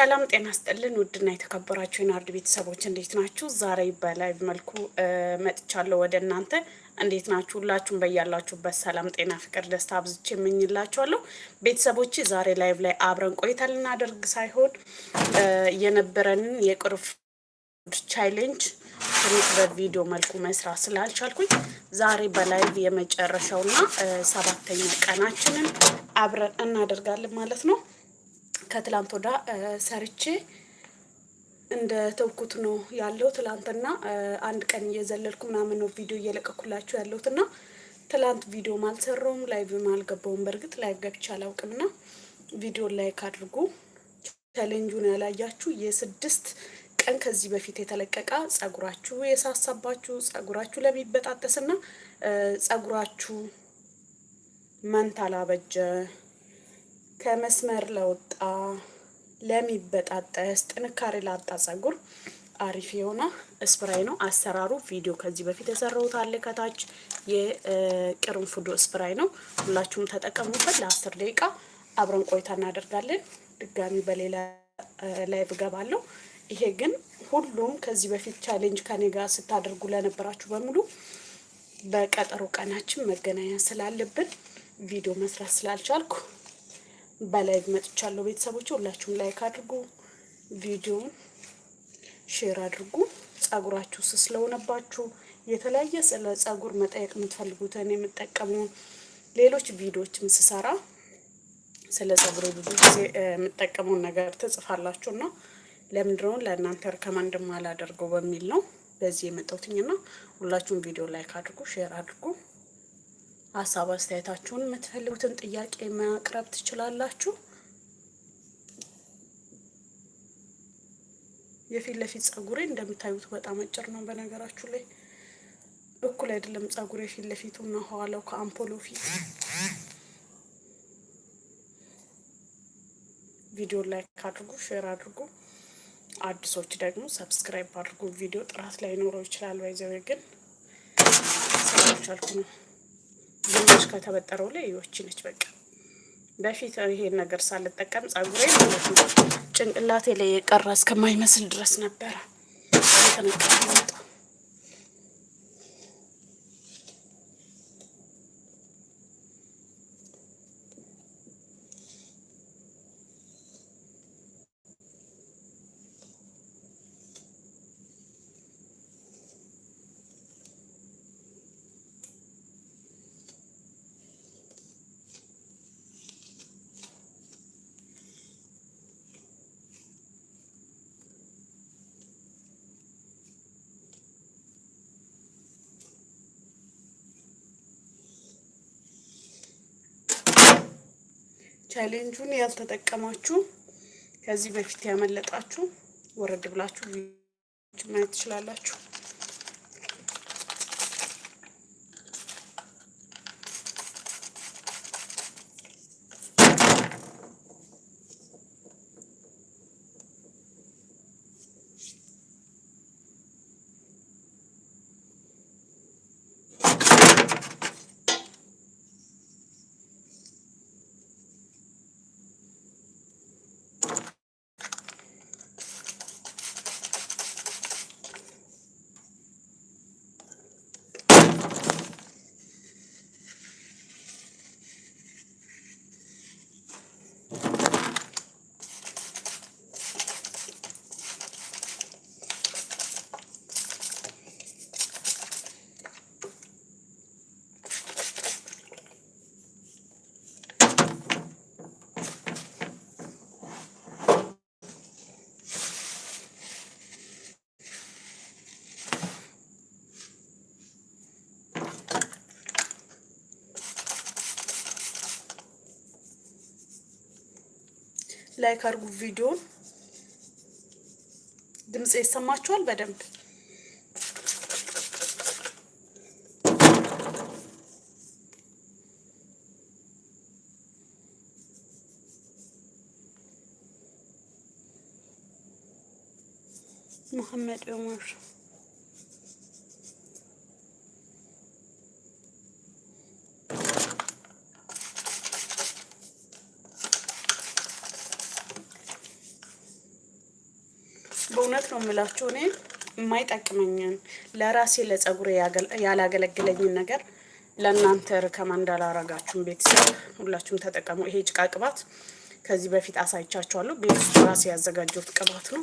ሰላም ጤና ስጥልን። ውድና የተከበራችሁ የናርድ ቤተሰቦች እንዴት ናችሁ? ዛሬ በላይቭ መልኩ መጥቻለሁ ወደ እናንተ። እንዴት ናችሁ? ሁላችሁም በያላችሁበት ሰላም፣ ጤና፣ ፍቅር፣ ደስታ አብዝቼ የምኝላችኋለሁ ቤተሰቦች። ዛሬ ላይቭ ላይ አብረን ቆይታ ልናደርግ ሳይሆን የነበረንን የቅርንፉድ ቻሌንጅ ትንሽ በቪዲዮ መልኩ መስራት ስላልቻልኩኝ ዛሬ በላይቭ የመጨረሻውና ሰባተኛ ቀናችንን አብረን እናደርጋለን ማለት ነው። ከትላንት ወዳ ሰርቼ እንደ ተውኩት ነው ያለው። ትላንትና አንድ ቀን እየዘለልኩ ምናምን ነው ቪዲዮ እየለቀኩላችሁ ያለሁት እና ትላንት ቪዲዮም አልሰራውም ላይቭም አልገባውም። በእርግጥ ላይቭ ገብቼ አላውቅም እና ቪዲዮ ላይክ አድርጉ። ቻሌንጁን ያላያችሁ የስድስት ቀን ከዚህ በፊት የተለቀቀ ጸጉራችሁ የሳሳባችሁ ጸጉራችሁ ለሚበጣጠስና ጸጉራችሁ መንታ ከመስመር ለወጣ ለሚበጣጠስ ጥንካሬ ላጣ ጸጉር አሪፍ የሆነ ስፕራይ ነው። አሰራሩ ቪዲዮ ከዚህ በፊት የሰራሁት አለ ከታች የቅርንፉድ ስፕራይ ነው። ሁላችሁም ተጠቀሙበት። ለአስር ደቂቃ አብረን ቆይታ እናደርጋለን። ድጋሚ በሌላ ላይቭ እገባለሁ። ይሄ ግን ሁሉም ከዚህ በፊት ቻሌንጅ ከኔ ጋር ስታደርጉ ለነበራችሁ በሙሉ በቀጠሮ ቀናችን መገናኛ ስላለብን ቪዲዮ መስራት ስላልቻልኩ በላይ መጥቻለሁ። ቤተሰቦች ሁላችሁም ላይክ አድርጉ፣ ቪዲዮውን ሼር አድርጉ። ጸጉራችሁ ስስ ስለሆነባችሁ የተለያየ ስለ ጸጉር መጠየቅ የምትፈልጉትን የምጠቀመውን ሌሎች ቪዲዮዎችም ስሰራ ስለ ጸጉር ብዙ ጊዜ የምጠቀመውን ነገር ትጽፋላችሁ እና ለምንድነውን ለእናንተ ርከማንድ ማላደርገው በሚል ነው በዚህ የመጣሁትኝና ሁላችሁም ቪዲዮ ላይክ አድርጉ፣ ሼር አድርጉ። ሀሳብ አስተያየታችሁን፣ የምትፈልጉትን ጥያቄ ማቅረብ ትችላላችሁ። የፊት ለፊት ጸጉሬ እንደምታዩት በጣም አጭር ነው። በነገራችሁ ላይ እኩል አይደለም ጸጉሬ የፊት ለፊቱ እና ኋላው ከአምፖሎ ፊት። ቪዲዮ ላይክ አድርጉ፣ ሼር አድርጉ። አዲሶች ደግሞ ሰብስክራይብ አድርጉ። ቪዲዮ ጥራት ላይኖረው ይችላል፣ ባይዘዌ ግን ስላልቻልኩ ነው። ግማሽ ከተበጠረው ላይ ይወች ነች። በቃ በፊት ይሄን ነገር ሳልጠቀም ጸጉሬ ማለት ነው ጭንቅላቴ ላይ የቀረ እስከማይመስል ድረስ ነበረ ተነቀ ቻሌንጁን ያልተጠቀማችሁ ከዚህ በፊት ያመለጣችሁ ወረድ ብላችሁ ማየት ትችላላችሁ። ላይክ አድርጉ ቪዲዮን። ድምፅ ይሰማችኋል በደንብ መሐመድ ዑመር ነው የምላችሁ። እኔ የማይጠቅመኝን ለራሴ ለጸጉሬ ያላገለግለኝን ነገር ለእናንተ ርከማ እንዳላረጋችሁን ቤተሰብ ሁላችሁም ተጠቀሙ። ይሄ ጭቃ ቅባት ከዚህ በፊት አሳይቻችኋለሁ። ቤት ውስጥ ራሴ ያዘጋጀሁት ቅባት ነው።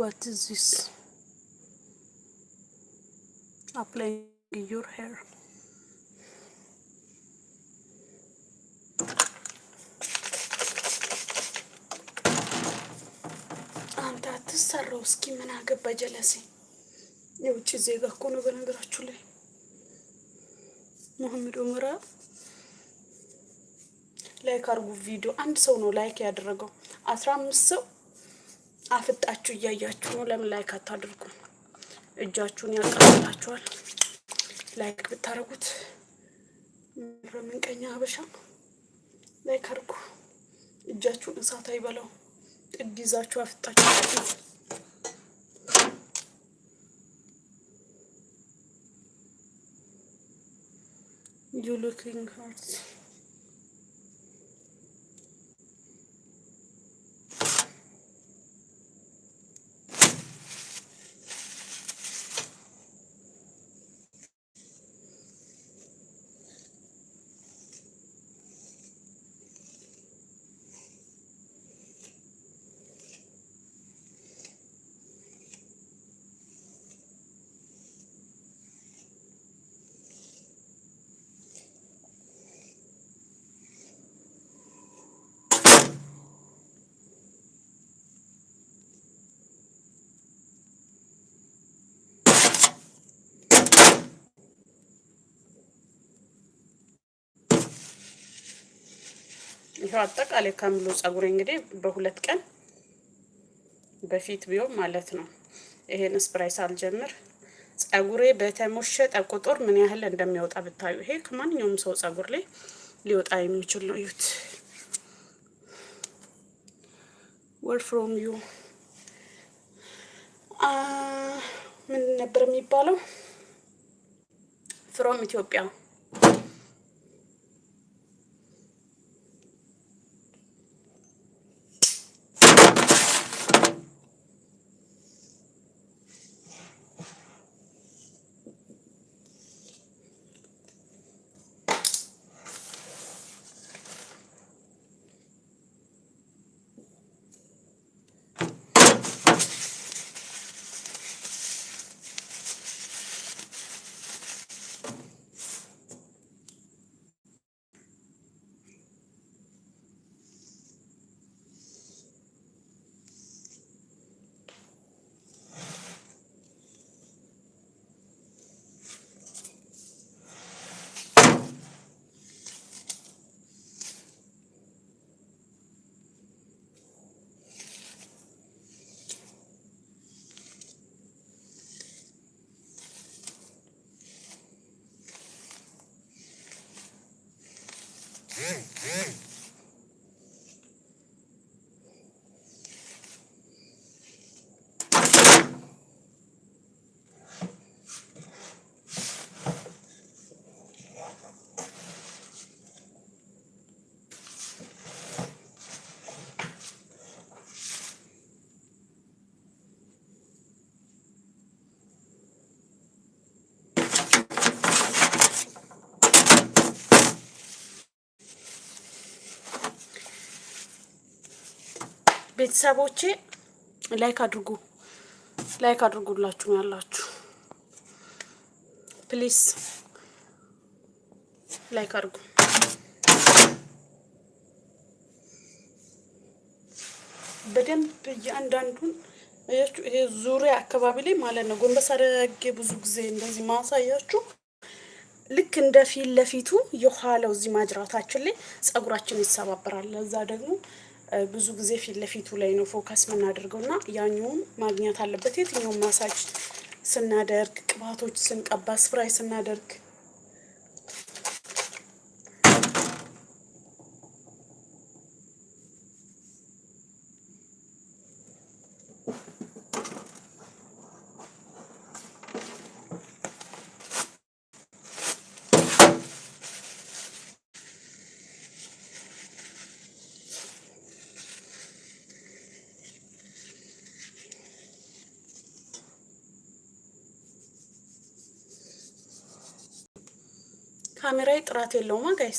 ዋት ኢዝ ዚስ አፕላይንግ ዩር ሄር አንተ አትሰራው እስኪ ምን አገባ ጀለሴ የውጭ ዜጋ እኮ ነው በነገራችሁ ላይ ሙሐመድ ኡመራ ላይክ አድርጉ ቪዲዮ አንድ ሰው ነው ላይክ ያደረገው አስራ አምስት ሰው አፍጣችሁ እያያችሁ ነው። ለምን ላይክ አታድርጉም? እጃችሁን ያቃጥላችኋል። ላይክ ብታደርጉት በምንቀኛ ሀበሻ ላይክ አድርጉ። እጃችሁን እሳት አይበላው። ጥድ ይዛችሁ አፍጣችሁ ዩሉኪንግ ይኸው አጠቃላይ ከምሉ ጸጉሬ እንግዲህ በሁለት ቀን በፊት ቢሆን ማለት ነው። ይሄን ስፕራይ ሳልጀምር ጸጉሬ በተሞሸጠ ቁጥር ምን ያህል እንደሚወጣ ብታዩ። ይሄ ከማንኛውም ሰው ጸጉር ላይ ሊወጣ የሚችል ነው። ዩት ወር ፍሮም ዩ ምን ነበር የሚባለው? ፍሮም ኢትዮጵያ ቤተሰቦቼ ላይክ አድርጉ፣ ላይክ አድርጉላችሁ ያላችሁ። ፕሊስ ላይክ አድርጉ። በደንብ እያንዳንዱን ይሄ ዙሪያ አካባቢ ላይ ማለት ነው። ጎንበስ አድርጌ ብዙ ጊዜ እንደዚህ ማሳያችሁ ልክ እንደ ፊት ለፊቱ የኋላው እዚህ ማጅራታችን ላይ ጸጉራችን ይሰባበራል። ለዛ ደግሞ ብዙ ጊዜ ፊት ለፊቱ ላይ ነው ፎከስ የምናደርገው እና ያኛውም ማግኘት አለበት። የትኛውም ማሳጅ ስናደርግ፣ ቅባቶች ስንቀባ፣ ስፕራይ ስናደርግ ካሜራዊ ጥራት የለውም ጋይስ።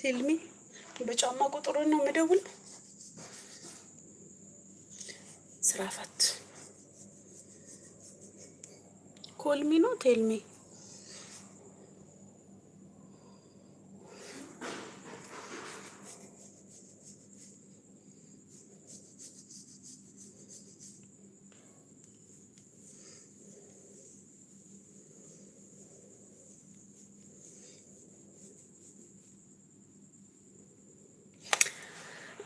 ቴልሚ በጫማ ቁጥሩ ነው የምደውል። ስራፋት ኮልሚ ነው ቴልሚ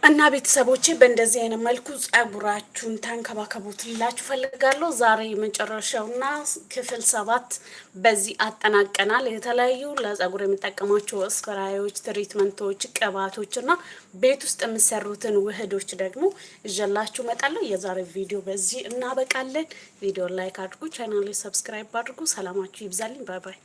እና ቤተሰቦቼ በእንደዚህ አይነት መልኩ ጸጉራችሁን ተንከባከቡት ልላችሁ ፈልጋለሁ። ዛሬ የመጨረሻውና ክፍል ሰባት በዚህ አጠናቀናል። የተለያዩ ለጸጉር የምጠቀማቸው ስፕራዮች፣ ትሪትመንቶች፣ ቅባቶች እና ቤት ውስጥ የምሰሩትን ውህዶች ደግሞ እጀላችሁ መጣለሁ። የዛሬ ቪዲዮ በዚህ እናበቃለን። ቪዲዮ ላይክ አድርጉ፣ ቻናል ሰብስክራይብ አድርጉ። ሰላማችሁ ይብዛልኝ። ባይ ባይ።